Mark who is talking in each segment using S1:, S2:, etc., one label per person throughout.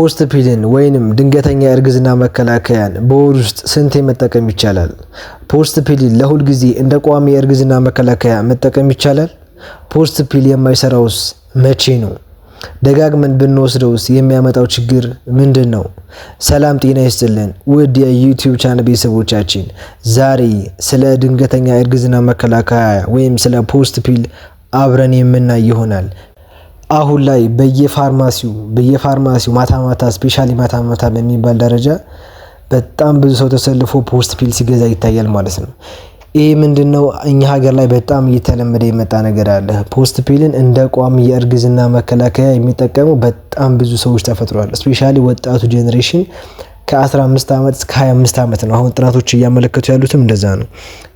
S1: ፖስት ፒልን ወይንም ድንገተኛ እርግዝና መከላከያን በወር ውስጥ ስንቴ መጠቀም ይቻላል? ፖስት ፒልን ለሁል ጊዜ እንደ ቋሚ የእርግዝና መከላከያ መጠቀም ይቻላል? ፖስት ፒል የማይሰራውስ መቼ ነው? ደጋግመን ብንወስደውስ የሚያመጣው ችግር ምንድን ነው? ሰላም ጤና ይስጥልን ውድ የዩቲዩብ ቻናል ቤተሰቦቻችን፣ ዛሬ ስለ ድንገተኛ እርግዝና መከላከያ ወይም ስለ ፖስት ፒል አብረን የምናይ ይሆናል። አሁን ላይ በየፋርማሲው በየፋርማሲው ማታ ማታ ስፔሻሊ ማታ ማታ በሚባል ደረጃ በጣም ብዙ ሰው ተሰልፎ ፖስት ፒል ሲገዛ ይታያል ማለት ነው። ይህ ምንድን ነው? እኛ ሀገር ላይ በጣም እየተለመደ የመጣ ነገር አለ። ፖስት ፒልን እንደ ቋሚ የእርግዝና መከላከያ የሚጠቀሙ በጣም ብዙ ሰዎች ተፈጥሯል። ስፔሻሊ ወጣቱ ጄኔሬሽን ከ15 ዓመት እስከ 25 ዓመት ነው። አሁን ጥናቶች እያመለከቱ ያሉትም እንደዛ ነው።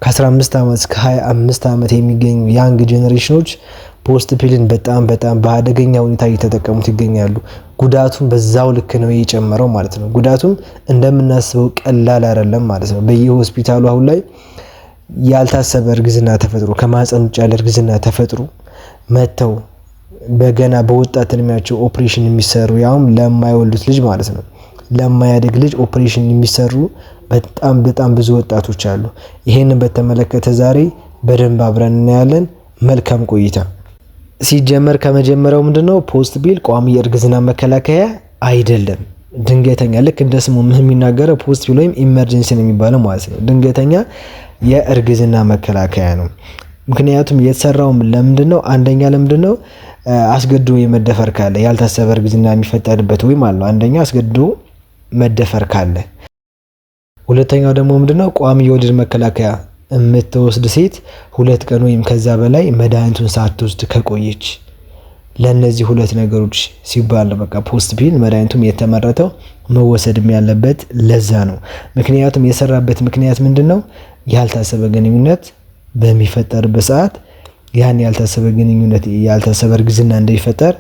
S1: ከ15 ዓመት እስከ 25 ዓመት የሚገኙ ያንግ ጄኔሬሽኖች ፖስት ፒልን በጣም በጣም በአደገኛ ሁኔታ እየተጠቀሙት ይገኛሉ። ጉዳቱም በዛው ልክ ነው የጨመረው ማለት ነው። ጉዳቱም እንደምናስበው ቀላል አይደለም ማለት ነው። በየሆስፒታሉ አሁን ላይ ያልታሰበ እርግዝና ተፈጥሮ ከማህፀን ውጭ ያለ እርግዝና ተፈጥሮ መጥተው በገና በወጣት እድሜያቸው ኦፕሬሽን የሚሰሩ ያውም ለማይወልዱት ልጅ ማለት ነው ለማያደግ ልጅ ኦፕሬሽን የሚሰሩ በጣም በጣም ብዙ ወጣቶች አሉ። ይሄንን በተመለከተ ዛሬ በደንብ አብረን እናያለን። መልካም ቆይታ ሲጀመር ከመጀመሪያው ምንድነው ፖስት ቢል ቋሚ የእርግዝና መከላከያ አይደለም። ድንገተኛ ልክ እንደ ስሙ የሚናገረው ፖስት ቢል ወይም ኢመርጀንሲ ነው የሚባለው ማለት ነው። ድንገተኛ የእርግዝና መከላከያ ነው። ምክንያቱም የተሰራውም ለምንድን ነው? አንደኛ ለምንድን ነው አስገድዶ የመደፈር ካለ ያልታሰበ እርግዝና የሚፈጠርበት ወይም አለው። አንደኛ አስገድዶ መደፈር ካለ፣ ሁለተኛው ደግሞ ምንድነው ቋሚ የወሊድ መከላከያ የምትወስድ ሴት ሁለት ቀን ወይም ከዛ በላይ መድኃኒቱን ሳትወስድ ከቆየች ለእነዚህ ሁለት ነገሮች ሲባል በቃ ፖስት ፒል መድኃኒቱም የተመረተው መወሰድም ያለበት ለዛ ነው። ምክንያቱም የሰራበት ምክንያት ምንድን ነው? ያልታሰበ ግንኙነት በሚፈጠርበት ሰዓት ያን ያልታሰበ ግንኙነት ያልታሰበ እርግዝና እንዲፈጠር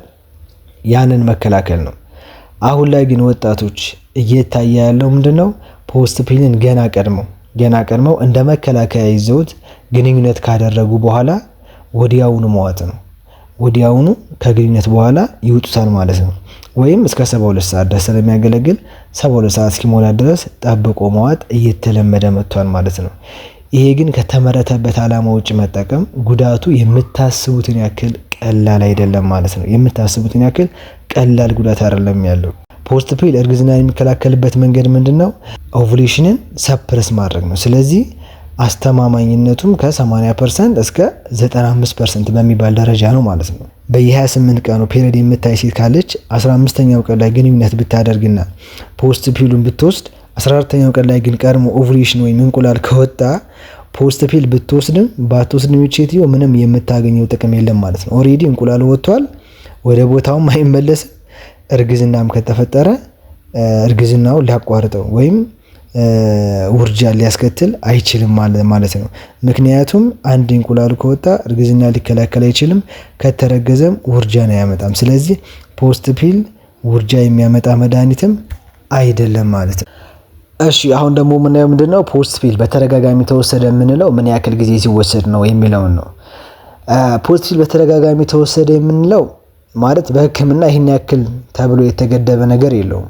S1: ያንን መከላከል ነው። አሁን ላይ ግን ወጣቶች እየታየ ያለው ምንድን ነው? ፖስት ፒልን ገና ቀድመው ገና ቀድመው እንደ መከላከያ ይዘውት ግንኙነት ካደረጉ በኋላ ወዲያውኑ መዋጥ ነው። ወዲያውኑ ከግንኙነት በኋላ ይውጡታል ማለት ነው። ወይም እስከ 72 ሰዓት ድረስ ስለሚያገለግል 72 ሰዓት እስኪሞላ ድረስ ጠብቆ መዋጥ እየተለመደ መጥቷል ማለት ነው። ይሄ ግን ከተመረተበት ዓላማ ውጭ መጠቀም ጉዳቱ የምታስቡትን ያክል ቀላል አይደለም ማለት ነው። የምታስቡትን ያክል ቀላል ጉዳት አይደለም ያለው። ፖስት ፒል የሚከላከልበት መንገድ ምንድን ነው? ኦቭሌሽንን ሰፕረስ ማድረግ ነው። ስለዚህ አስተማማኝነቱም ከ80 ፐርሰንት እስከ 95 ፐርሰንት በሚባል ደረጃ ነው ማለት ነው። በየ28 ቀኑ ፔሪድ የምታይ ሴት ካለች 15ኛው ቀን ላይ ግንኙነት ብታደርግና ፖስት ፒሉን ብትወስድ 14ኛው ቀን ላይ ግን ቀድሞ ኦቭሌሽን ወይም እንቁላል ከወጣ ፖስት ፒል ብትወስድም ባትወስድም ሴትዮ ምንም የምታገኘው ጥቅም የለም ማለት ነው። ኦሬዲ እንቁላል ወጥቷል፣ ወደ ቦታውም አይመለስም። እርግዝናም ከተፈጠረ እርግዝናው ሊያቋርጠው ወይም ውርጃ ሊያስከትል አይችልም ማለት ነው። ምክንያቱም አንድ እንቁላል ከወጣ እርግዝና ሊከላከል አይችልም፣ ከተረገዘም ውርጃን አያመጣም። ስለዚህ ፖስት ፒል ውርጃ የሚያመጣ መድኃኒትም አይደለም ማለት ነው። እሺ አሁን ደግሞ የምናየው ምንድነው ፖስት ፒል በተደጋጋሚ ተወሰደ የምንለው ምን ያክል ጊዜ ሲወሰድ ነው የሚለውን ነው። ፖስት ፒል በተደጋጋሚ ተወሰደ የምንለው ማለት በሕክምና ይህን ያክል ተብሎ የተገደበ ነገር የለውም።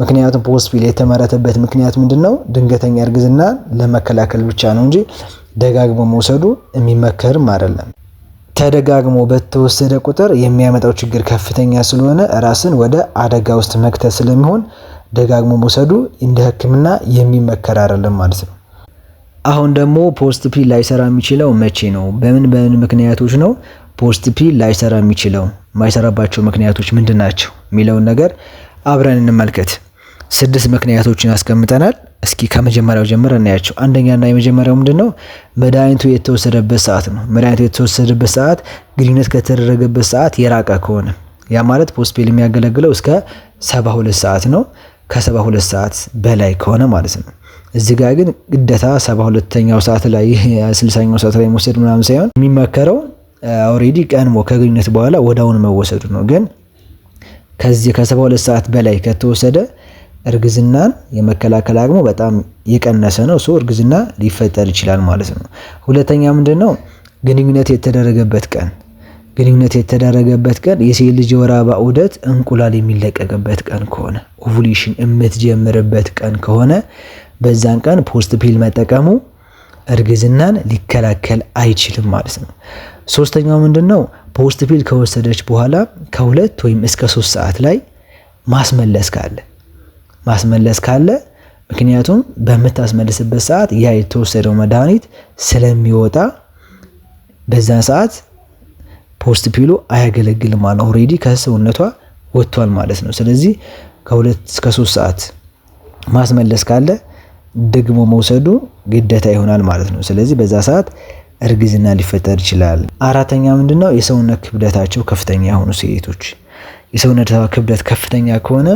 S1: ምክንያቱም ፖስፒል የተመረተበት ምክንያት ምንድን ነው? ድንገተኛ እርግዝና ለመከላከል ብቻ ነው እንጂ ደጋግሞ መውሰዱ የሚመከርም አይደለም። ተደጋግሞ በተወሰደ ቁጥር የሚያመጣው ችግር ከፍተኛ ስለሆነ ራስን ወደ አደጋ ውስጥ መክተት ስለሚሆን ደጋግሞ መውሰዱ እንደ ሕክምና የሚመከር አይደለም ማለት ነው። አሁን ደግሞ ፖስት ፒል ላይሰራ የሚችለው መቼ ነው? በምን በምን ምክንያቶች ነው ፖስት ፒል ላይሰራ የሚችለው? ማይሰራባቸው ምክንያቶች ምንድን ናቸው የሚለውን ነገር አብረን እንመልከት። ስድስት ምክንያቶችን ያስቀምጠናል። እስኪ ከመጀመሪያው ጀምር እናያቸው። አንደኛና የመጀመሪያው ምንድን ነው? መድኃኒቱ የተወሰደበት ሰዓት ነው። መድኃኒቱ የተወሰደበት ሰዓት ግንኙነት ከተደረገበት ሰዓት የራቀ ከሆነ ያ ማለት ፖስፔል የሚያገለግለው እስከ 72 ሰዓት ነው። ከ72 ሰዓት በላይ ከሆነ ማለት ነው። እዚህ ጋር ግን ግደታ 72ኛው ሰዓት ላይ 60ኛው ሰዓት ላይ መውሰድ ምናምን ሳይሆን የሚመከረው ኦልሬዲ ቀድሞ ከግንኙነት በኋላ ወዳውን መወሰዱ ነው ግን ከዚህ ከ72 ሰዓት በላይ ከተወሰደ እርግዝናን የመከላከል አቅሙ በጣም የቀነሰ ነው። ሰው እርግዝና ሊፈጠር ይችላል ማለት ነው። ሁለተኛ ምንድን ነው? ግንኙነት የተደረገበት ቀን ግንኙነት የተደረገበት ቀን የሴት ልጅ የወር አበባ ዑደት እንቁላል የሚለቀቅበት ቀን ከሆነ ኦቭሌሽን የምትጀምርበት ቀን ከሆነ በዛን ቀን ፖስት ፒል መጠቀሙ እርግዝናን ሊከላከል አይችልም ማለት ነው። ሶስተኛው ምንድን ነው? ፖስት ፒል ከወሰደች በኋላ ከሁለት ወይም እስከ ሶስት ሰዓት ላይ ማስመለስ ካለ ማስመለስ ካለ ምክንያቱም በምታስመልስበት ሰዓት ያ የተወሰደው መድኃኒት ስለሚወጣ በዛን ሰዓት ፖስት ፒሉ አያገለግል ማለት ኦልሬዲ ከሰውነቷ ወጥቷል ማለት ነው። ስለዚህ ከሁለት እስከ ሶስት ሰዓት ማስመለስ ካለ ደግሞ መውሰዱ ግዴታ ይሆናል ማለት ነው። ስለዚህ በዛ ሰዓት እርግዝና ሊፈጠር ይችላል። አራተኛ ምንድነው? የሰውነት ክብደታቸው ከፍተኛ የሆኑ ሴቶች የሰውነት ክብደት ከፍተኛ ከሆነ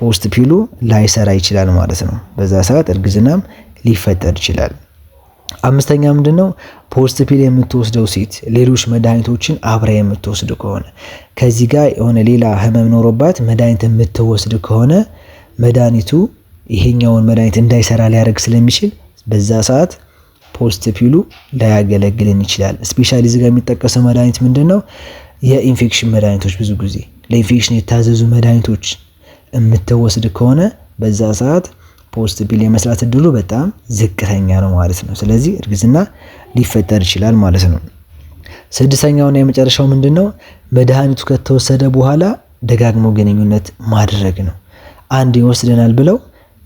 S1: ፖስት ፒሉ ላይሰራ ይችላል ማለት ነው። በዛ ሰዓት እርግዝናም ሊፈጠር ይችላል። አምስተኛ ምንድነው? ፖስት ፒል የምትወስደው ሴት ሌሎች መድኃኒቶችን አብራ የምትወስድ ከሆነ ከዚህ ጋር የሆነ ሌላ ህመም ኖሮባት መድኃኒት የምትወስድ ከሆነ መድኃኒቱ ይሄኛውን መድኃኒት እንዳይሰራ ሊያደርግ ስለሚችል በዛ ሰዓት ፖስት ፒሉ ላያገለግልን ይችላል። ስፔሻሊ እዚህ ጋር የሚጠቀሰው መድኃኒት ምንድን ነው? የኢንፌክሽን መድኃኒቶች ብዙ ጊዜ ለኢንፌክሽን የታዘዙ መድኃኒቶች የምትወስድ ከሆነ በዛ ሰዓት ፖስት ፒል የመስራት እድሉ በጣም ዝቅተኛ ነው ማለት ነው። ስለዚህ እርግዝና ሊፈጠር ይችላል ማለት ነው። ስድስተኛውና የመጨረሻው ምንድን ነው? መድኃኒቱ ከተወሰደ በኋላ ደጋግሞ ግንኙነት ማድረግ ነው። አንድ ይወስደናል ብለው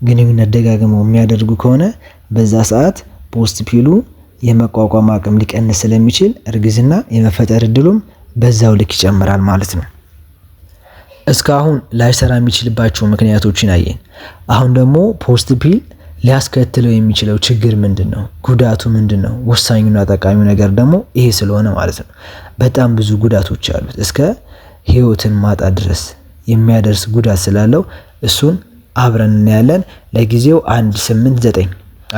S1: ግንኙነት ደጋግመው የሚያደርጉ ከሆነ በዛ ሰዓት ፖስት ፒሉ የመቋቋም አቅም ሊቀንስ ስለሚችል እርግዝና የመፈጠር እድሉም በዛው ልክ ይጨምራል ማለት ነው። እስካሁን ላይሰራ የሚችልባቸው ምክንያቶችን አየን። አሁን ደግሞ ፖስት ፒል ሊያስከትለው የሚችለው ችግር ምንድን ነው? ጉዳቱ ምንድን ነው? ወሳኙና ጠቃሚው ነገር ደግሞ ይሄ ስለሆነ ማለት ነው። በጣም ብዙ ጉዳቶች አሉት። እስከ ህይወትን ማጣ ድረስ የሚያደርስ ጉዳት ስላለው እሱን አብረን እናያለን። ለጊዜው አንድ ስምንት ዘጠኝ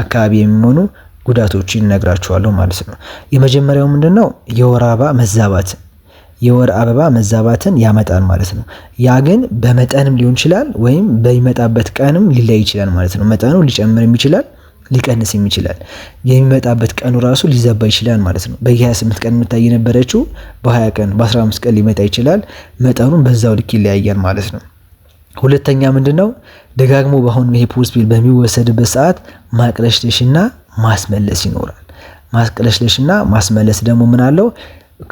S1: አካባቢ የሚሆኑ ጉዳቶችን እነግራችኋለሁ ማለት ነው። የመጀመሪያው ምንድን ነው? የወር አበባ መዛባት የወር አበባ መዛባትን ያመጣል ማለት ነው። ያ ግን በመጠንም ሊሆን ይችላል ወይም በሚመጣበት ቀንም ሊለይ ይችላል ማለት ነው። መጠኑ ሊጨምርም ይችላል ሊቀንስም ይችላል። የሚመጣበት ቀኑ ራሱ ሊዘባ ይችላል ማለት ነው በ በየ28 ቀን የምታይ የነበረችው በ20 ቀን በ15 ቀን ሊመጣ ይችላል። መጠኑን በዛው ልክ ይለያያል ማለት ነው። ሁለተኛ ምንድን ነው? ደጋግሞ በአሁን ይሄ በሚወሰድበት ሰዓት ማቅለሽለሽና ማስመለስ ይኖራል። ማስቅለሽለሽና ማስመለስ ደግሞ ምን አለው?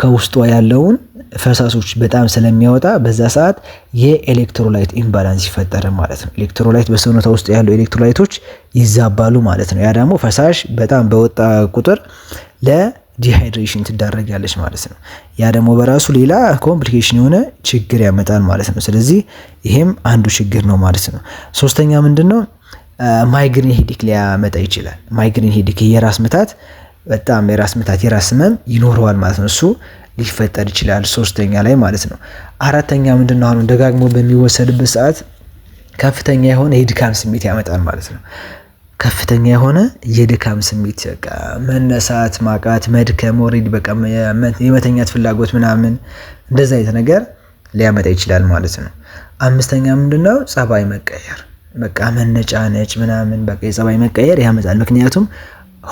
S1: ከውስጧ ያለውን ፈሳሾች በጣም ስለሚያወጣ በዛ ሰዓት የኤሌክትሮላይት ኢምባላንስ ይፈጠረ ማለት ነው። ኤሌክትሮላይት በሰውነቷ ውስጥ ያለው ኤሌክትሮላይቶች ይዛባሉ ማለት ነው። ያ ደግሞ ፈሳሽ በጣም በወጣ ቁጥር ለዲሃይድሬሽን ትዳረጋለች ማለት ነው። ያ ደግሞ በራሱ ሌላ ኮምፕሊኬሽን የሆነ ችግር ያመጣል ማለት ነው። ስለዚህ ይሄም አንዱ ችግር ነው ማለት ነው። ሶስተኛ ምንድን ነው? ማይግሪን ሄዲክ ሊያመጣ ይችላል። ማይግሪን ሄዲክ የራስ ምታት በጣም የራስ ምታት የራስ ህመም ይኖረዋል ማለት ነው። እሱ ሊፈጠር ይችላል ሶስተኛ ላይ ማለት ነው። አራተኛ ምንድን ነው? አሁን ደጋግሞ በሚወሰድበት ሰዓት ከፍተኛ የሆነ የድካም ስሜት ያመጣል ማለት ነው። ከፍተኛ የሆነ የድካም ስሜት በቃ መነሳት፣ ማቃት፣ መድከም፣ ወሬድ በቃ የመተኛት ፍላጎት ምናምን እንደዛ አይነት ነገር ሊያመጣ ይችላል ማለት ነው። አምስተኛ ምንድነው? ጸባይ መቀየር በቃ መነጫ ነጭ ምናምን በቃ የጸባይ መቀየር ያመጣል። ምክንያቱም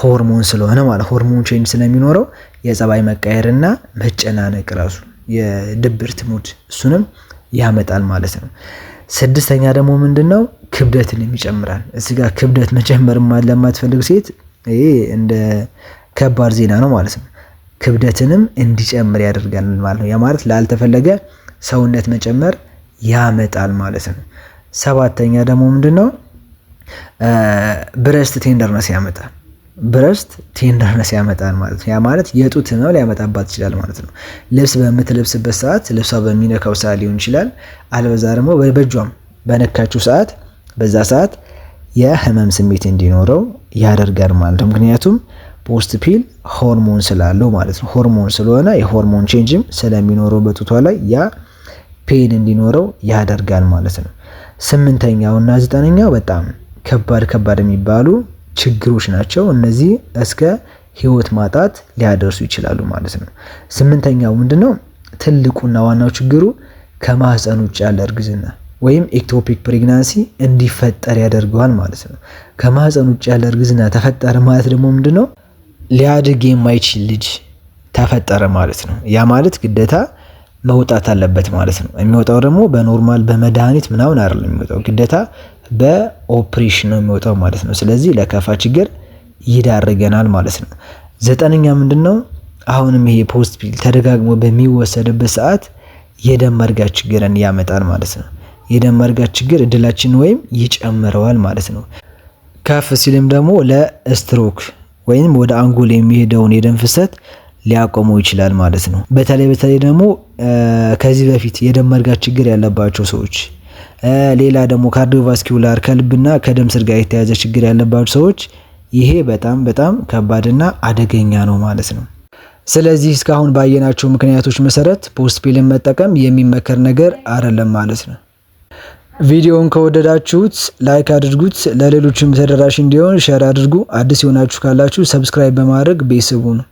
S1: ሆርሞን ስለሆነ ማለት ሆርሞን ቼንጅ ስለሚኖረው የጸባይ መቀየርና መጨናነቅ ራሱ የድብርት ሙድ እሱንም ያመጣል ማለት ነው። ስድስተኛ ደግሞ ምንድን ነው ክብደትን ይጨምራል። እዚህ ጋር ክብደት መጨመር ለማትፈልግ ሴት ይሄ እንደ ከባድ ዜና ነው ማለት ነው። ክብደትንም እንዲጨምር ያደርጋል ማለት ነው። ያ ማለት ላልተፈለገ ሰውነት መጨመር ያመጣል ማለት ነው። ሰባተኛ ደግሞ ምንድን ነው? ብረስት ቴንደርነስ ያመጣል። ብረስት ቴንደርነስ ያመጣል ማለት ነው። ያ ማለት የጡት ህመም ሊያመጣባት ይችላል ማለት ነው። ልብስ በምትለብስበት ሰዓት ልብሷ በሚነካው ሰዓት ሊሆን ይችላል። አልበዛ ደግሞ በእጇም በነካችው ሰዓት በዛ ሰዓት የህመም ስሜት እንዲኖረው ያደርጋል ማለት ነው። ምክንያቱም ፖስት ፒል ሆርሞን ስላለው ማለት ነው። ሆርሞን ስለሆነ የሆርሞን ቼንጅም ስለሚኖረው በጡቷ ላይ ያ ፔን እንዲኖረው ያደርጋል ማለት ነው። ስምንተኛው እና ዘጠነኛው በጣም ከባድ ከባድ የሚባሉ ችግሮች ናቸው። እነዚህ እስከ ህይወት ማጣት ሊያደርሱ ይችላሉ ማለት ነው። ስምንተኛው ምንድነው? ትልቁና ዋናው ችግሩ ከማህፀን ውጭ ያለ እርግዝና ወይም ኤክቶፒክ ፕሬግናንሲ እንዲፈጠር ያደርገዋል ማለት ነው። ከማህፀን ውጭ ያለ እርግዝና ተፈጠረ ማለት ደግሞ ምንድነው? ሊያድግ የማይችል ልጅ ተፈጠረ ማለት ነው። ያ ማለት ግዴታ መውጣት አለበት ማለት ነው። የሚወጣው ደግሞ በኖርማል በመድኃኒት ምናምን አይደለም የሚወጣው ግዴታ በኦፕሬሽን ነው የሚወጣው ማለት ነው። ስለዚህ ለከፋ ችግር ይዳርገናል ማለት ነው። ዘጠነኛ ምንድን ነው? አሁንም ይሄ ፖስት ፒል ተደጋግሞ በሚወሰድበት ሰዓት የደም መርጋት ችግርን ያመጣል ማለት ነው። የደም መርጋት ችግር እድላችን ወይም ይጨምረዋል ማለት ነው። ከፍ ሲልም ደግሞ ለስትሮክ ወይም ወደ አንጎል የሚሄደውን የደም ፍሰት ሊያቆመው ይችላል ማለት ነው። በተለይ በተለይ ደግሞ ከዚህ በፊት የደም መርጋት ችግር ያለባቸው ሰዎች፣ ሌላ ደግሞ ካርዲዮቫስኪውላር ከልብና ከደም ስር ጋር የተያዘ ችግር ያለባቸው ሰዎች ይሄ በጣም በጣም ከባድና አደገኛ ነው ማለት ነው። ስለዚህ እስካሁን ባየናቸው ምክንያቶች መሰረት ፖስት ፒልን መጠቀም የሚመከር ነገር አይደለም ማለት ነው። ቪዲዮውን ከወደዳችሁት ላይክ አድርጉት፣ ለሌሎችም ተደራሽ እንዲሆን ሼር አድርጉ። አዲስ የሆናችሁ ካላችሁ ሰብስክራይብ በማድረግ ቤተሰቡ ነው።